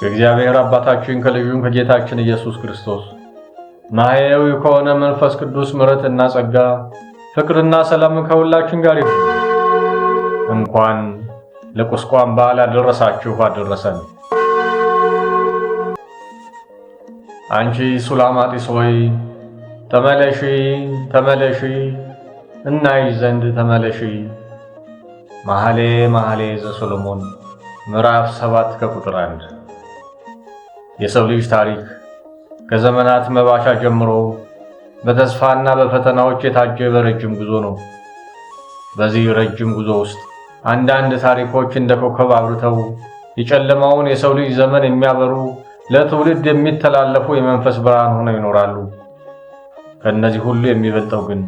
ከእግዚአብሔር አባታችን ከልዩም ከጌታችን ኢየሱስ ክርስቶስ ማሕየዊ ከሆነ መንፈስ ቅዱስ ምሕረትና ጸጋ ፍቅርና ሰላም ከሁላችን ጋር ይሁን። እንኳን ለቁስቋም አምባ አደረሳችሁ አደረሰን። አንቺ ሱላማጢስ ሆይ ተመለሺ፣ ተመለሺ እናይ ዘንድ ተመለሺ። መኃልየ መኃልየ ዘሰሎሞን ምዕራፍ ሰባት ከቁጥር አንድ የሰው ልጅ ታሪክ ከዘመናት መባቻ ጀምሮ በተስፋና በፈተናዎች የታጀበ ረጅም ጉዞ ነው። በዚህ ረጅም ጉዞ ውስጥ አንዳንድ ታሪኮች እንደ ኮከብ አብርተው የጨለማውን የሰው ልጅ ዘመን የሚያበሩ ለትውልድ የሚተላለፉ የመንፈስ ብርሃን ሆነው ይኖራሉ። ከእነዚህ ሁሉ የሚበልጠው ግን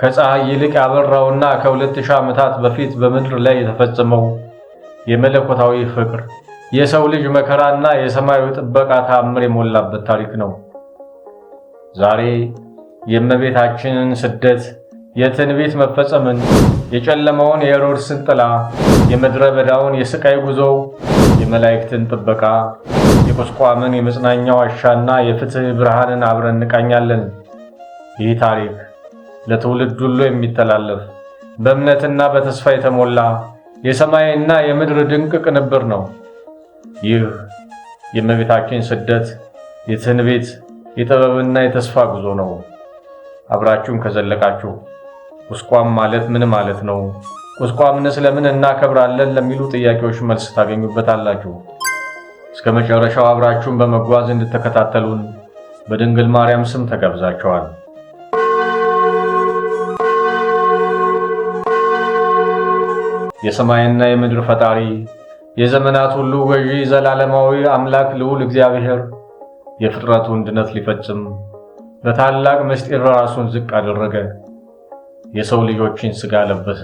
ከፀሐይ ይልቅ ያበራውና ከሁለት ሺህ ዓመታት በፊት በምድር ላይ የተፈጸመው የመለኮታዊ ፍቅር የሰው ልጅ መከራና የሰማዩ ጥበቃ ተአምር የሞላበት ታሪክ ነው። ዛሬ የእመቤታችንን ስደት የትንቢት መፈጸምን፣ የጨለመውን የሄሮድስን ጥላ፣ የምድረ በዳውን የስቃይ ጉዞ፣ የመላእክትን ጥበቃ፣ የቁስቋምን የመጽናኛ ዋሻና የፍትህ ብርሃንን አብረን እንቃኛለን። ይህ ታሪክ ለትውልድ ሁሉ የሚተላለፍ በእምነትና በተስፋ የተሞላ የሰማይና የምድር ድንቅ ቅንብር ነው። ይህ የእመቤታችን ስደት የትንቢት የጥበብና የተስፋ ጉዞ ነው። አብራችሁን ከዘለቃችሁ ቁስቋም ማለት ምን ማለት ነው? ነስ ለምን እናከብራለን ለሚሉ ጥያቄዎች መልስ ታገኙበታላችሁ። እስከ መጨረሻው አብራችሁን በመጓዝ እንድትከታተሉን በድንግል ማርያም ስም ተጋብዛችኋል። የሰማይና የምድር ፈጣሪ የዘመናት ሁሉ ገዢ ዘላለማዊ አምላክ ልዑል እግዚአብሔር የፍጥረቱን ድነት ሊፈጽም በታላቅ ምስጢር ራሱን ዝቅ አደረገ። የሰው ልጆችን ሥጋ ለበሰ።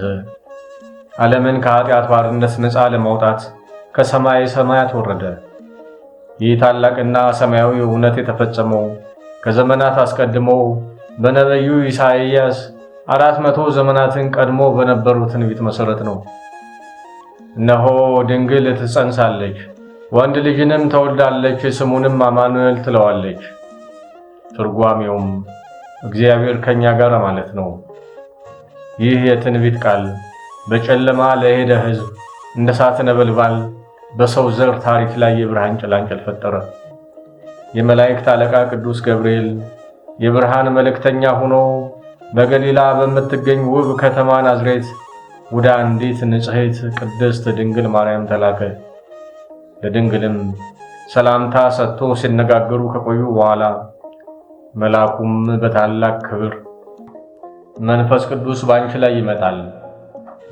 ዓለምን ከኃጢአት ባርነት ነፃ ለማውጣት ከሰማይ ሰማያት ወረደ። ይህ ታላቅና ሰማያዊ እውነት የተፈጸመው ከዘመናት አስቀድሞ በነቢዩ ኢሳይያስ አራት መቶ ዘመናትን ቀድሞ በነበሩት ትንቢት መሠረት ነው። እነሆ ድንግል ትጸንሳለች፣ ወንድ ልጅንም ተወልዳለች፣ ስሙንም አማኑኤል ትለዋለች። ትርጓሜውም እግዚአብሔር ከእኛ ጋር ማለት ነው። ይህ የትንቢት ቃል በጨለማ ለሄደ ሕዝብ እንደ እሳት ነበልባል በሰው ዘር ታሪክ ላይ የብርሃን ጭላንጭል ፈጠረ። የመላእክት አለቃ ቅዱስ ገብርኤል የብርሃን መልእክተኛ ሆኖ በገሊላ በምትገኝ ውብ ከተማ ናዝሬት ወደ አንዲት ንጽሕት ቅድስት ድንግል ማርያም ተላከ። ለድንግልም ሰላምታ ሰጥቶ ሲነጋገሩ ከቆዩ በኋላ መልአኩም በታላቅ ክብር መንፈስ ቅዱስ ባንቺ ላይ ይመጣል፣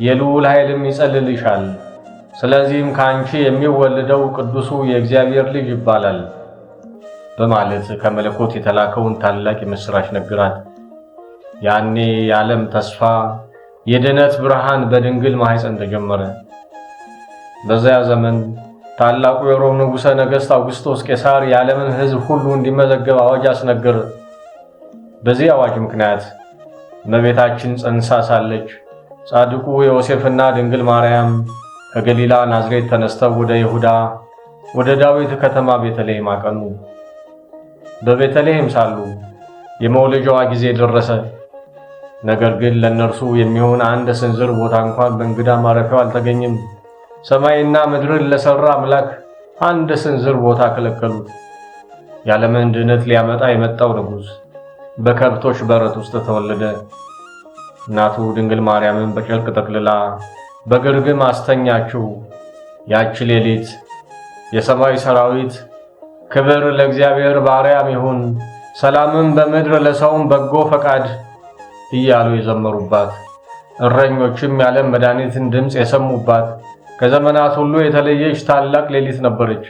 የልዑል ኃይልም ይጸልልሻል። ስለዚህም ከአንቺ የሚወልደው ቅዱሱ የእግዚአብሔር ልጅ ይባላል በማለት ከመለኮት የተላከውን ታላቅ የምሥራች ነግራት፣ ያኔ የዓለም ተስፋ የድነት ብርሃን በድንግል ማኅፀን ተጀመረ። በዚያ ዘመን ታላቁ የሮም ንጉሠ ነገሥት አውግስቶስ ቄሳር የዓለምን ሕዝብ ሁሉ እንዲመዘገብ አዋጅ አስነገረ። በዚህ አዋጅ ምክንያት እመቤታችን ጸንሳ ሳለች ጻድቁ ዮሴፍና ድንግል ማርያም ከገሊላ ናዝሬት ተነስተው ወደ ይሁዳ ወደ ዳዊት ከተማ ቤተልሔም አቀኑ። በቤተልሔም ሳሉ የመውለጃዋ ጊዜ ደረሰ። ነገር ግን ለእነርሱ የሚሆን አንድ ስንዝር ቦታ እንኳን በእንግዳ ማረፊያው አልተገኘም። ሰማይና ምድርን ለሠራ አምላክ አንድ ስንዝር ቦታ ከለከሉት። ያለ ምሕድነት ሊያመጣ የመጣው ንጉሥ በከብቶች በረት ውስጥ ተወለደ። እናቱ ድንግል ማርያምን በጨርቅ ጠቅልላ በግርግም አስተኛችው። ያች ሌሊት የሰማይ ሰራዊት ክብር ለእግዚአብሔር ባርያም ይሁን፣ ሰላምም በምድር ለሰውም በጎ ፈቃድ እያሉ የዘመሩባት እረኞችም ያለም መድኃኒትን ድምፅ የሰሙባት ከዘመናት ሁሉ የተለየች ታላቅ ሌሊት ነበረች።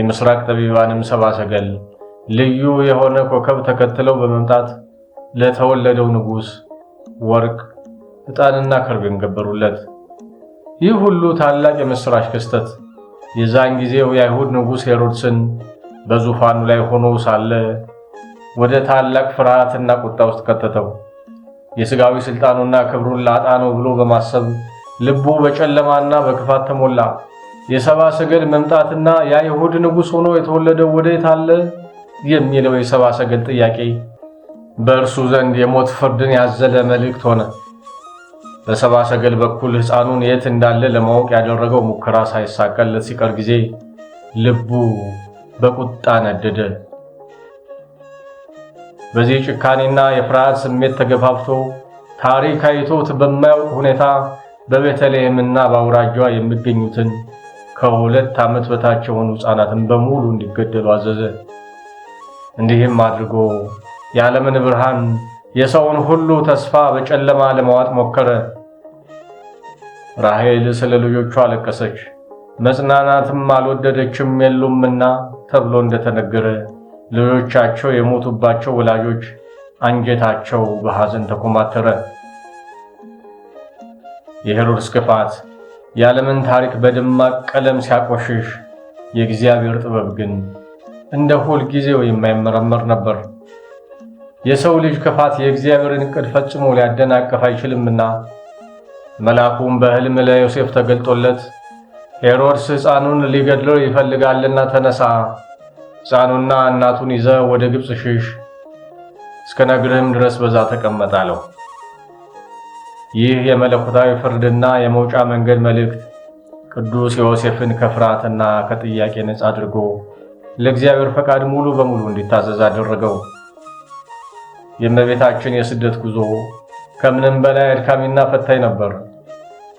የምስራቅ ጠቢባንም ሰብአ ሰገል ልዩ የሆነ ኮከብ ተከትለው በመምጣት ለተወለደው ንጉሥ ወርቅ፣ ዕጣንና ከርቤን ገበሩለት። ይህ ሁሉ ታላቅ የምሥራች ክስተት የዛን ጊዜው የአይሁድ ንጉሥ ሄሮድስን በዙፋኑ ላይ ሆኖ ሳለ ወደ ታላቅ ፍርሃትና ቁጣ ውስጥ ከተተው። የሥጋዊ ሥልጣኑና ክብሩን ላጣ ነው ብሎ በማሰብ ልቡ በጨለማና በክፋት ተሞላ። የሰባ ሰገል መምጣትና የአይሁድ ንጉሥ ሆኖ የተወለደው ወዴት አለ? የሚለው የሰብአ ሰገል ጥያቄ በእርሱ ዘንድ የሞት ፍርድን ያዘለ መልእክት ሆነ። በሰብአ ሰገል በኩል ሕፃኑን የት እንዳለ ለማወቅ ያደረገው ሙከራ ሳይሳካለት ሲቀር ጊዜ ልቡ በቁጣ ነደደ። በዚህ ጭካኔና የፍርሃት ስሜት ተገፋፍቶ ታሪክ አይቶት በማያውቅ ሁኔታ በቤተልሔምና በአውራጃዋ የሚገኙትን ከሁለት ዓመት በታች የሆኑ ሕፃናትን በሙሉ እንዲገደሉ አዘዘ። እንዲህም አድርጎ የዓለምን ብርሃን የሰውን ሁሉ ተስፋ በጨለማ ለማዋጥ ሞከረ። ራሄል ስለ ልጆቿ አለቀሰች፣ መጽናናትም አልወደደችም የሉምና ተብሎ እንደተነገረ ልጆቻቸው የሞቱባቸው ወላጆች አንጀታቸው በሐዘን ተኮማተረ። የሄሮድስ ክፋት የዓለምን ታሪክ በደማቅ ቀለም ሲያቆሽሽ፣ የእግዚአብሔር ጥበብ ግን እንደ ሁል ጊዜው የማይመረመር ነበር። የሰው ልጅ ክፋት የእግዚአብሔርን እቅድ ፈጽሞ ሊያደናቅፍ አይችልምና መልአኩም በሕልም ለዮሴፍ ተገልጦለት ሄሮድስ ሕፃኑን ሊገድለው ይፈልጋልና ተነሳ፣ ሕፃኑና እናቱን ይዘ ወደ ግብፅ ሽሽ፣ እስከ ነግርህም ድረስ በዛ ተቀመጣለሁ። አለው። ይህ የመለኮታዊ ፍርድና የመውጫ መንገድ መልእክት ቅዱስ ዮሴፍን ከፍርሃትና ከጥያቄ ነፃ አድርጎ ለእግዚአብሔር ፈቃድ ሙሉ በሙሉ እንዲታዘዝ አደረገው። የእመቤታችን የስደት ጉዞ ከምንም በላይ አድካሚና ፈታኝ ነበር።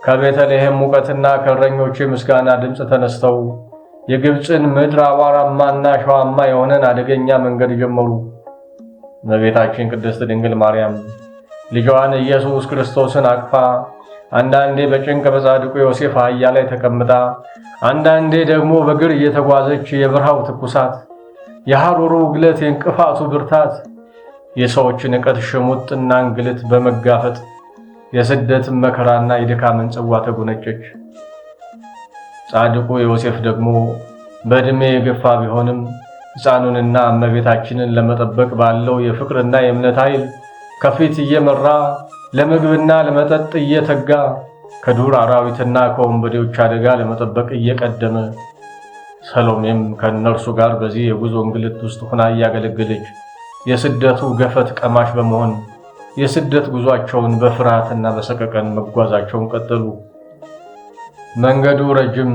ከቤተልሔም ሙቀትና ከእረኞቹ የምስጋና ድምፅ ተነስተው የግብፅን ምድር አቧራማና ሸዋማ የሆነን አደገኛ መንገድ ጀመሩ። እመቤታችን ቅድስት ድንግል ማርያም ልጇን ኢየሱስ ክርስቶስን አቅፋ አንዳንዴ በጭንቅ በጻድቁ ዮሴፍ አህያ ላይ ተቀምጣ፣ አንዳንዴ ደግሞ በግር እየተጓዘች የበረሃው ትኩሳት፣ የሐሩሩ ግለት፣ የእንቅፋቱ ብርታት፣ የሰዎችን ንቀት፣ ሽሙጥና እንግልት በመጋፈጥ የስደትን መከራና የድካምን ጽዋ ተጎነጨች። ጻድቁ ዮሴፍ ደግሞ በዕድሜ የገፋ ቢሆንም ሕፃኑንና እመቤታችንን ለመጠበቅ ባለው የፍቅርና የእምነት ኃይል ከፊት እየመራ ለምግብና ለመጠጥ እየተጋ ከዱር አራዊትና ከወንበዴዎች አደጋ ለመጠበቅ እየቀደመ ሰሎሜም ከእነርሱ ጋር በዚህ የጉዞ እንግልት ውስጥ ሆና እያገለገለች የስደቱ ገፈት ቀማሽ በመሆን የስደት ጉዟቸውን በፍርሃትና በሰቀቀን መጓዛቸውን ቀጠሉ። መንገዱ ረጅም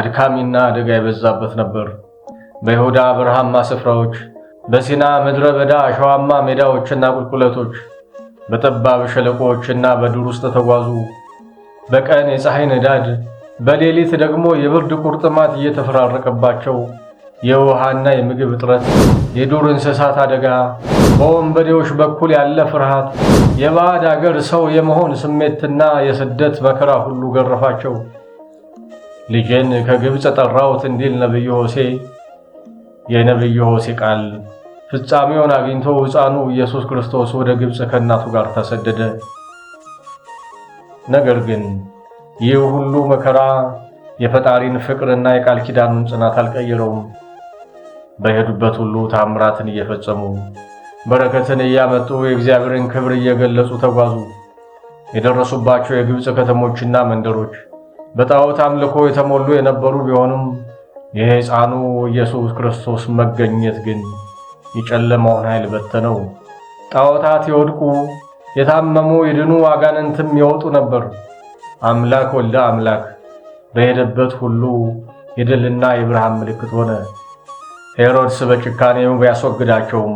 አድካሚና አደጋ የበዛበት ነበር። በይሁዳ በረሃማ ስፍራዎች፣ በሲና ምድረ በዳ አሸዋማ ሜዳዎችና ቁልቁለቶች በጠባብ ሸለቆዎችና በዱር ውስጥ ተጓዙ። በቀን የፀሐይ ንዳድ፣ በሌሊት ደግሞ የብርድ ቁርጥማት እየተፈራረቀባቸው የውሃና የምግብ እጥረት፣ የዱር እንስሳት አደጋ፣ በወንበዴዎች በኩል ያለ ፍርሃት፣ የባዕድ አገር ሰው የመሆን ስሜትና የስደት መከራ ሁሉ ገረፋቸው። ልጄን ከግብፅ ጠራሁት እንዲል ነቢዩ ሆሴዕ የነቢዩ ሆሴዕ ቃል ፍጻሜውን አግኝቶ ሕፃኑ ኢየሱስ ክርስቶስ ወደ ግብፅ ከእናቱ ጋር ተሰደደ። ነገር ግን ይህ ሁሉ መከራ የፈጣሪን ፍቅርና የቃል ኪዳኑን ጽናት አልቀየረውም። በሄዱበት ሁሉ ታምራትን እየፈጸሙ በረከትን እያመጡ የእግዚአብሔርን ክብር እየገለጹ ተጓዙ። የደረሱባቸው የግብፅ ከተሞችና መንደሮች በጣዖት አምልኮ የተሞሉ የነበሩ ቢሆኑም የሕፃኑ ኢየሱስ ክርስቶስ መገኘት ግን የጨለማውን ኃይል በተነው። ጣዖታት ይወድቁ፣ የታመሙ የድኑ አጋንንትም የወጡ ነበር። አምላክ ወልደ አምላክ በሄደበት ሁሉ የድልና የብርሃን ምልክት ሆነ። ሄሮድስ በጭካኔው ቢያስወግዳቸውም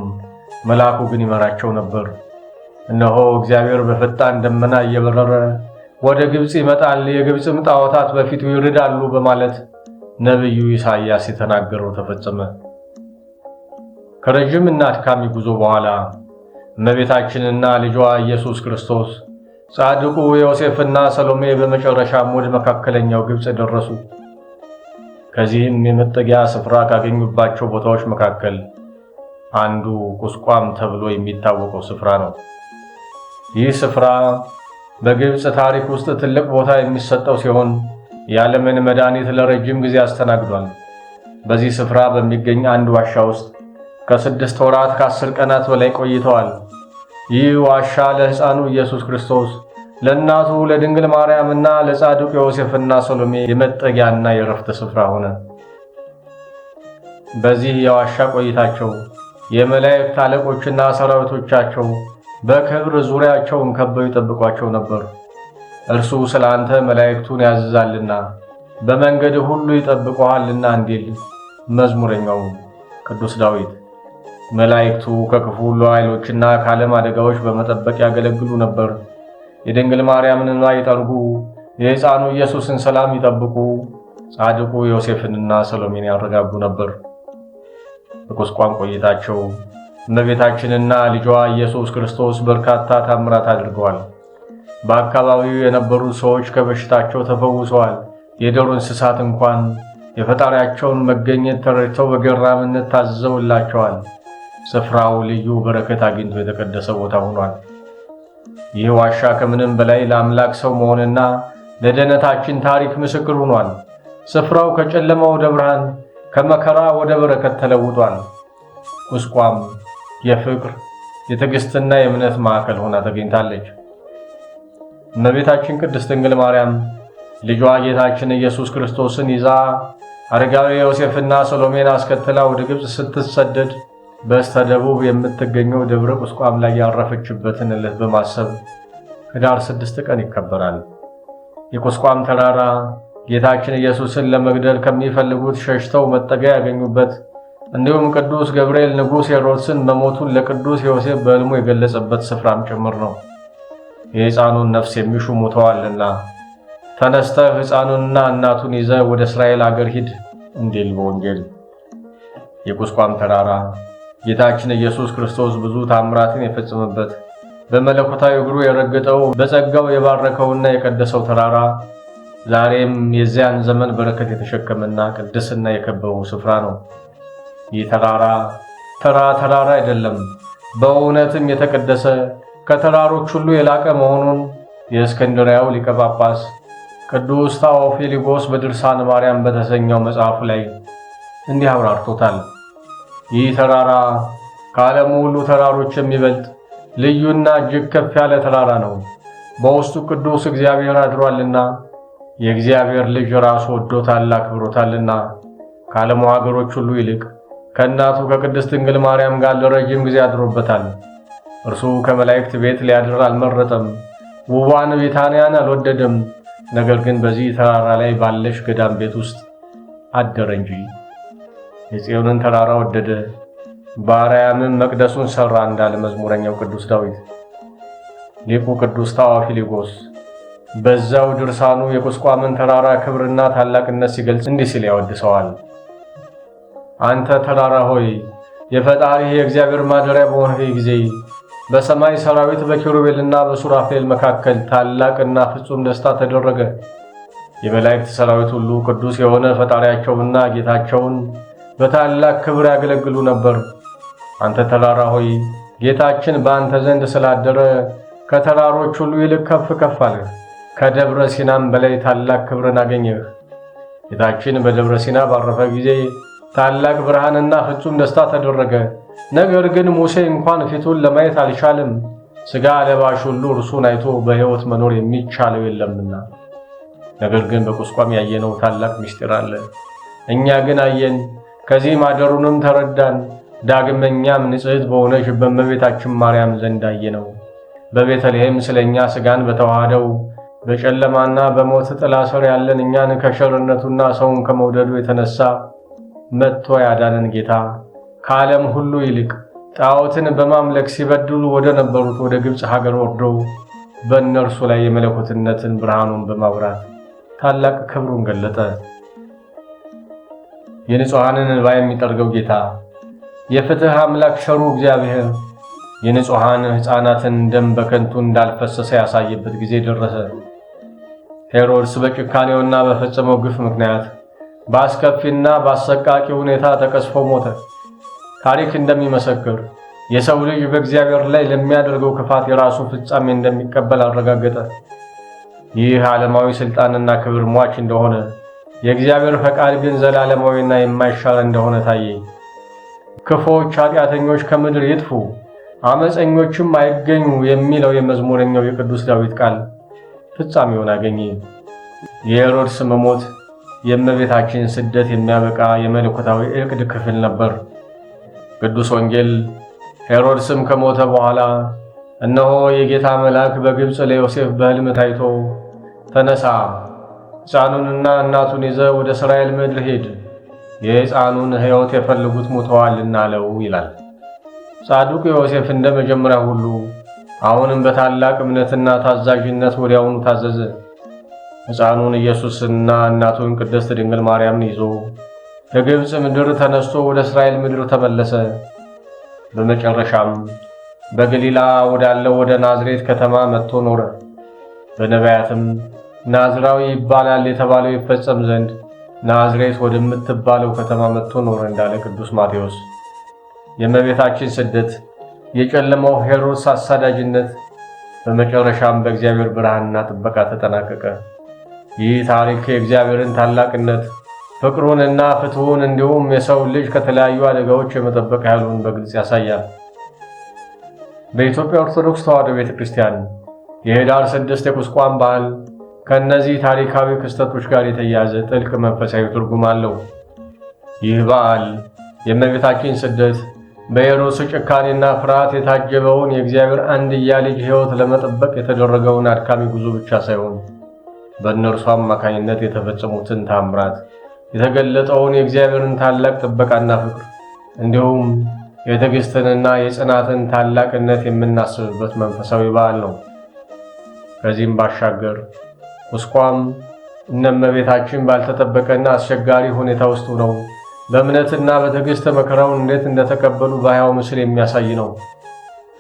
መልአኩ ግን ይመራቸው ነበር። እነሆ እግዚአብሔር በፈጣን ደመና እየበረረ ወደ ግብፅ ይመጣል፣ የግብፅም ጣዖታት በፊቱ ይርዳሉ በማለት ነቢዩ ኢሳይያስ የተናገረው ተፈጸመ። ከረዥም እና አድካሚ ጉዞ በኋላ እመቤታችንና ልጇ ኢየሱስ ክርስቶስ ጻድቁ ዮሴፍና ሰሎሜ በመጨረሻም ወደ መካከለኛው ግብፅ ደረሱ። ከዚህም የመጠጊያ ስፍራ ካገኙባቸው ቦታዎች መካከል አንዱ ቁስቋም ተብሎ የሚታወቀው ስፍራ ነው። ይህ ስፍራ በግብፅ ታሪክ ውስጥ ትልቅ ቦታ የሚሰጠው ሲሆን የዓለምን መድኃኒት ለረጅም ጊዜ አስተናግዷል። በዚህ ስፍራ በሚገኝ አንድ ዋሻ ውስጥ ከስድስት ወራት ከአስር ቀናት በላይ ቆይተዋል። ይህ ዋሻ ለሕፃኑ ኢየሱስ ክርስቶስ ለእናቱ ለድንግል ማርያምና ለጻድቁ ዮሴፍና ሰሎሜ የመጠጊያና የረፍት ስፍራ ሆነ። በዚህ የዋሻ ቆይታቸው የመላእክት አለቆችና ሰራዊቶቻቸው በክብር ዙሪያቸውን ከበው ይጠብቋቸው ነበር። እርሱ ስለ አንተ መላእክቱን ያዝዛልና በመንገድ ሁሉ ይጠብቀሃልና እንዲል መዝሙረኛው ቅዱስ ዳዊት መላእክቱ ከክፉ ሁሉ ኃይሎችና ከዓለም አደጋዎች በመጠበቅ ያገለግሉ ነበር። የድንግል ማርያምንና ይጠርጉ፣ የሕፃኑ ኢየሱስን ሰላም ይጠብቁ፣ ጻድቁ ዮሴፍንና ሰሎሜን ያረጋጉ ነበር። በቁስቋም ቆይታቸው እመቤታችንና ልጇ ኢየሱስ ክርስቶስ በርካታ ታምራት አድርገዋል። በአካባቢው የነበሩ ሰዎች ከበሽታቸው ተፈውሰዋል። የዱር እንስሳት እንኳን የፈጣሪያቸውን መገኘት ተረድተው በገራምነት ታዘውላቸዋል። ስፍራው ልዩ በረከት አግኝቶ የተቀደሰ ቦታ ሆኗል። ይህ ዋሻ ከምንም በላይ ለአምላክ ሰው መሆንና ለደህነታችን ታሪክ ምስክር ሆኗል። ስፍራው ከጨለማ ወደ ብርሃን፣ ከመከራ ወደ በረከት ተለውጧል። ቁስቋም የፍቅር የትዕግሥትና የእምነት ማዕከል ሆና ተገኝታለች። እመቤታችን ቅድስት ድንግል ማርያም ልጇ ጌታችን ኢየሱስ ክርስቶስን ይዛ አረጋዊ ዮሴፍና ሰሎሜን አስከትላ ወደ ግብፅ ስትሰደድ በስተደቡብ የምትገኘው ደብረ ቁስቋም ላይ ያረፈችበትን ዕለት በማሰብ ህዳር ስድስት ቀን ይከበራል። የቁስቋም ተራራ ጌታችን ኢየሱስን ለመግደል ከሚፈልጉት ሸሽተው መጠጊያ ያገኙበት እንዲሁም ቅዱስ ገብርኤል ንጉሥ ሄሮድስን መሞቱን ለቅዱስ ዮሴፍ በሕልሙ የገለጸበት ስፍራም ጭምር ነው። የሕፃኑን ነፍስ የሚሹ ሙተዋልና ተነስተህ ሕፃኑንና እናቱን ይዘህ ወደ እስራኤል አገር ሂድ እንዲል በወንጌል የቁስቋም ተራራ ጌታችን ኢየሱስ ክርስቶስ ብዙ ታምራትን የፈጸመበት በመለኮታዊ እግሩ የረገጠው በጸጋው የባረከውና የቀደሰው ተራራ ዛሬም የዚያን ዘመን በረከት የተሸከመና ቅድስና የከበበው ስፍራ ነው። ይህ ተራራ ተራ ተራራ አይደለም። በእውነትም የተቀደሰ ከተራሮች ሁሉ የላቀ መሆኑን የእስክንድሪያው ሊቀ ጳጳስ ቅዱስ ታዎፊሊጎስ በድርሳን ማርያም በተሰኘው መጽሐፉ ላይ እንዲህ አብራርቶታል። ይህ ተራራ ከዓለም ሁሉ ተራሮች የሚበልጥ ልዩና እጅግ ከፍ ያለ ተራራ ነው። በውስጡ ቅዱስ እግዚአብሔር አድሯልና የእግዚአብሔር ልጅ ራሱ ወዶታል አክብሮታልና ከዓለሙ ሀገሮች ሁሉ ይልቅ ከእናቱ ከቅድስት ድንግል ማርያም ጋር ለረጅም ጊዜ አድሮበታል። እርሱ ከመላእክት ቤት ሊያድር አልመረጠም፣ ውቧን ቤታንያን አልወደደም። ነገር ግን በዚህ ተራራ ላይ ባለሽ ገዳም ቤት ውስጥ አደረ እንጂ የጽዮንን ተራራ ወደደ በአርያምም መቅደሱን ሠራ እንዳለ መዝሙረኛው ቅዱስ ዳዊት። ሊቁ ቅዱስ ታዋፊሊጎስ በዛው ድርሳኑ የቁስቋምን ተራራ ክብርና ታላቅነት ሲገልጽ እንዲህ ሲል ያወድሰዋል። አንተ ተራራ ሆይ የፈጣሪ የእግዚአብሔር ማደሪያ በሆንህ ጊዜ በሰማይ ሰራዊት በኪሩቤልና በሱራፌል መካከል ታላቅና ፍጹም ደስታ ተደረገ። የመላእክት ሰራዊት ሁሉ ቅዱስ የሆነ ፈጣሪያቸውንና ጌታቸውን በታላቅ ክብር ያገለግሉ ነበር። አንተ ተራራ ሆይ ጌታችን በአንተ ዘንድ ስላደረ ከተራሮች ሁሉ ይልቅ ከፍ ከፍ አልህ፣ ከደብረ ሲናም በላይ ታላቅ ክብርን አገኘህ። ጌታችን በደብረ ሲና ባረፈ ጊዜ ታላቅ ብርሃንና ፍጹም ደስታ ተደረገ። ነገር ግን ሙሴ እንኳን ፊቱን ለማየት አልቻለም፣ ሥጋ ለባሽ ሁሉ እርሱን አይቶ በሕይወት መኖር የሚቻለው የለምና። ነገር ግን በቁስቋም ያየነው ታላቅ ምስጢር አለ። እኛ ግን አየን ከዚህ ማደሩንም ተረዳን። ዳግመኛም ንጽሕት በሆነች በእመቤታችን ማርያም ዘንድ አየነው። በቤተልሔም ስለ እኛ ሥጋን በተዋህደው በጨለማና በሞት ጥላ ስር ያለን እኛን ከሸርነቱና ሰውን ከመውደዱ የተነሳ መጥቶ ያዳነን ጌታ ከዓለም ሁሉ ይልቅ ጣዖትን በማምለክ ሲበድሉ ወደ ነበሩት ወደ ግብፅ ሀገር ወርዶ በእነርሱ ላይ የመለኮትነትን ብርሃኑን በማብራት ታላቅ ክብሩን ገለጠ። የንጹሐንን እንባ የሚጠርገው ጌታ የፍትህ አምላክ ሸሩ እግዚአብሔር የንጹሐን ሕፃናትን ደም በከንቱ እንዳልፈሰሰ ያሳየበት ጊዜ ደረሰ። ሄሮድስ በጭካኔውና በፈጸመው ግፍ ምክንያት በአስከፊና በአሰቃቂ ሁኔታ ተቀስፎ ሞተ። ታሪክ እንደሚመሰክር የሰው ልጅ በእግዚአብሔር ላይ ለሚያደርገው ክፋት የራሱን ፍጻሜ እንደሚቀበል አረጋገጠ። ይህ ዓለማዊ ሥልጣንና ክብር ሟች እንደሆነ የእግዚአብሔር ፈቃድ ግን ዘላለማዊና የማይሻር እንደሆነ ታየኝ። ክፉዎች ኃጢአተኞች ከምድር ይጥፉ፣ አመፀኞችም አይገኙ የሚለው የመዝሙረኛው የቅዱስ ዳዊት ቃል ፍጻሜውን አገኘ። የሄሮድስ መሞት የእመቤታችን ስደት የሚያበቃ የመለኮታዊ ዕቅድ ክፍል ነበር። ቅዱስ ወንጌል ሄሮድስም ከሞተ በኋላ እነሆ የጌታ መልአክ በግብፅ ለዮሴፍ በሕልም ታይቶ ተነሳ ሕፃኑንና እናቱን ይዘ ወደ እስራኤል ምድር ሄድ የሕፃኑን ሕይወት የፈልጉት ሞተዋል አለው ይላል። ጻድቁ ዮሴፍ እንደ መጀመሪያ ሁሉ አሁንም በታላቅ እምነትና ታዛዥነት ወዲያውኑ ታዘዘ። ሕፃኑን ኢየሱስና እናቱን ቅድስት ድንግል ማርያምን ይዞ ከግብፅ ምድር ተነስቶ ወደ እስራኤል ምድር ተመለሰ። በመጨረሻም በገሊላ ወዳለው ወደ ናዝሬት ከተማ መጥቶ ኖረ። በነቢያትም ናዝራዊ ይባላል የተባለው ይፈጸም ዘንድ ናዝሬት ወደምትባለው ከተማ መጥቶ ኖረ እንዳለ ቅዱስ ማቴዎስ። የእመቤታችን ስደት፣ የጨለመው ሄሮድስ አሳዳጅነት፣ በመጨረሻም በእግዚአብሔር ብርሃንና ጥበቃ ተጠናቀቀ። ይህ ታሪክ የእግዚአብሔርን ታላቅነት ፍቅሩንና ፍትሑን እንዲሁም የሰው ልጅ ከተለያዩ አደጋዎች የመጠበቅ ኃይሉን በግልጽ ያሳያል። በኢትዮጵያ ኦርቶዶክስ ተዋሕዶ ቤተ ክርስቲያን የህዳር ስድስት የቁስቋም በዓል ከእነዚህ ታሪካዊ ክስተቶች ጋር የተያያዘ ጥልቅ መንፈሳዊ ትርጉም አለው። ይህ በዓል የእመቤታችን ስደት በሄሮድስ ጭካኔና ፍርሃት የታጀበውን የእግዚአብሔር አንድያ ልጅ ሕይወት ለመጠበቅ የተደረገውን አድካሚ ጉዞ ብቻ ሳይሆን በእነርሱ አማካኝነት የተፈጸሙትን ታምራት፣ የተገለጠውን የእግዚአብሔርን ታላቅ ጥበቃና ፍቅር እንዲሁም የትዕግስትንና የጽናትን ታላቅነት የምናስብበት መንፈሳዊ በዓል ነው። ከዚህም ባሻገር ቁስቋም እነመቤታችን ባልተጠበቀና አስቸጋሪ ሁኔታ ውስጥ ነው በእምነትና በትዕግሥት መከራውን እንዴት እንደተቀበሉ በሕያው ምስል የሚያሳይ ነው።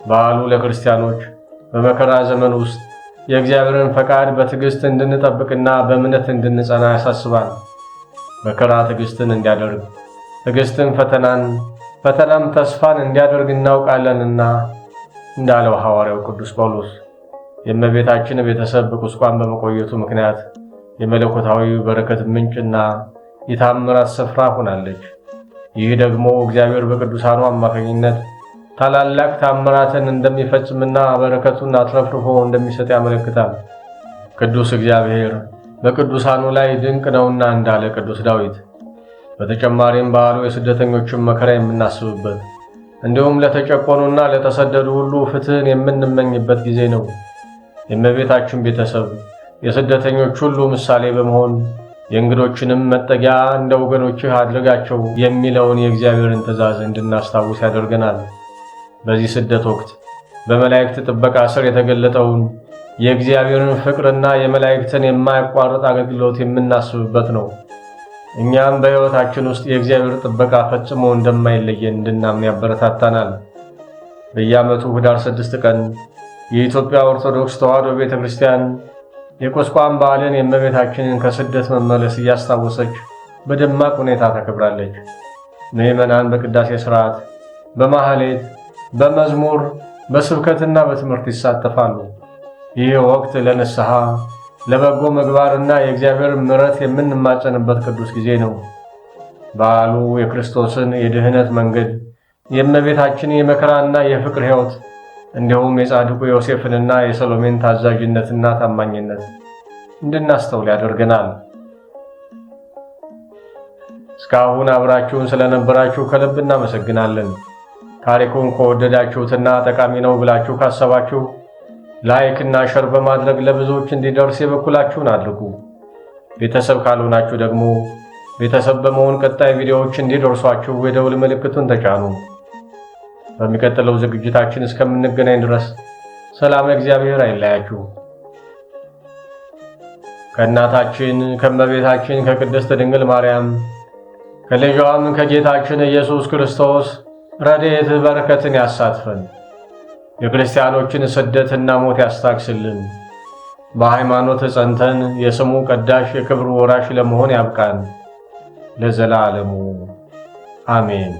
በዓሉ ለክርስቲያኖች በመከራ ዘመን ውስጥ የእግዚአብሔርን ፈቃድ በትዕግሥት እንድንጠብቅና በእምነት እንድንጸና ያሳስባል። መከራ ትዕግሥትን እንዲያደርግ ትዕግሥትን ፈተናን፣ ፈተናም ተስፋን እንዲያደርግ እናውቃለንና እንዳለው ሐዋርያው ቅዱስ ጳውሎስ የእመቤታችን ቤተሰብ በቁስቋም በመቆየቱ ምክንያት የመለኮታዊ በረከት ምንጭና የታምራት ስፍራ ሆናለች። ይህ ደግሞ እግዚአብሔር በቅዱሳኑ አማካኝነት ታላላቅ ታምራትን እንደሚፈጽምና በረከቱን አትረፍርፎ እንደሚሰጥ ያመለክታል። ቅዱስ እግዚአብሔር በቅዱሳኑ ላይ ድንቅ ነውና እንዳለ ቅዱስ ዳዊት። በተጨማሪም በዓሉ የስደተኞችን መከራ የምናስብበት እንዲሁም ለተጨቆኑና ለተሰደዱ ሁሉ ፍትህን የምንመኝበት ጊዜ ነው። የእመቤታችን ቤተሰብ የስደተኞች ሁሉ ምሳሌ በመሆን የእንግዶችንም መጠጊያ እንደ ወገኖችህ አድርጋቸው የሚለውን የእግዚአብሔርን ትእዛዝ እንድናስታውስ ያደርገናል። በዚህ ስደት ወቅት በመላእክት ጥበቃ ስር የተገለጠውን የእግዚአብሔርን ፍቅርና የመላእክትን የማያቋርጥ አገልግሎት የምናስብበት ነው። እኛም በሕይወታችን ውስጥ የእግዚአብሔር ጥበቃ ፈጽሞ እንደማይለየን እንድናምን ያበረታታናል። በየዓመቱ ኅዳር ስድስት ቀን የኢትዮጵያ ኦርቶዶክስ ተዋሕዶ ቤተ ክርስቲያን የቁስቋም በዓልን የእመቤታችንን ከስደት መመለስ እያስታወሰች በደማቅ ሁኔታ ታከብራለች። ምዕመናን በቅዳሴ ሥርዓት፣ በማኅሌት፣ በመዝሙር፣ በስብከትና በትምህርት ይሳተፋሉ። ይህ ወቅት ለንስሐ ለበጎ ምግባርና የእግዚአብሔር ምሕረት የምንማጸንበት ቅዱስ ጊዜ ነው። በዓሉ የክርስቶስን የድህነት መንገድ የእመቤታችን የመከራና የፍቅር ሕይወት እንዲሁም የጻድቁ ዮሴፍንና የሰሎሜን ታዛዥነትና ታማኝነት እንድናስተውል ያደርገናል። እስካሁን አብራችሁን ስለነበራችሁ ከልብ እናመሰግናለን። ታሪኩን ከወደዳችሁትና ጠቃሚ ነው ብላችሁ ካሰባችሁ ላይክ እና ሸር በማድረግ ለብዙዎች እንዲደርስ የበኩላችሁን አድርጉ። ቤተሰብ ካልሆናችሁ ደግሞ ቤተሰብ በመሆን ቀጣይ ቪዲዮዎች እንዲደርሷችሁ የደውል ምልክቱን ተጫኑ። በሚቀጥለው ዝግጅታችን እስከምንገናኝ ድረስ ሰላም እግዚአብሔር አይለያችሁ። ከእናታችን ከእመቤታችን ከቅድስት ድንግል ማርያም ከልጇም ከጌታችን ኢየሱስ ክርስቶስ ረድኤት በረከትን ያሳትፈን። የክርስቲያኖችን ስደትና ሞት ያስታግስልን። በሃይማኖት ጸንተን የስሙ ቀዳሽ የክብር ወራሽ ለመሆን ያብቃን። ለዘላለሙ አሜን።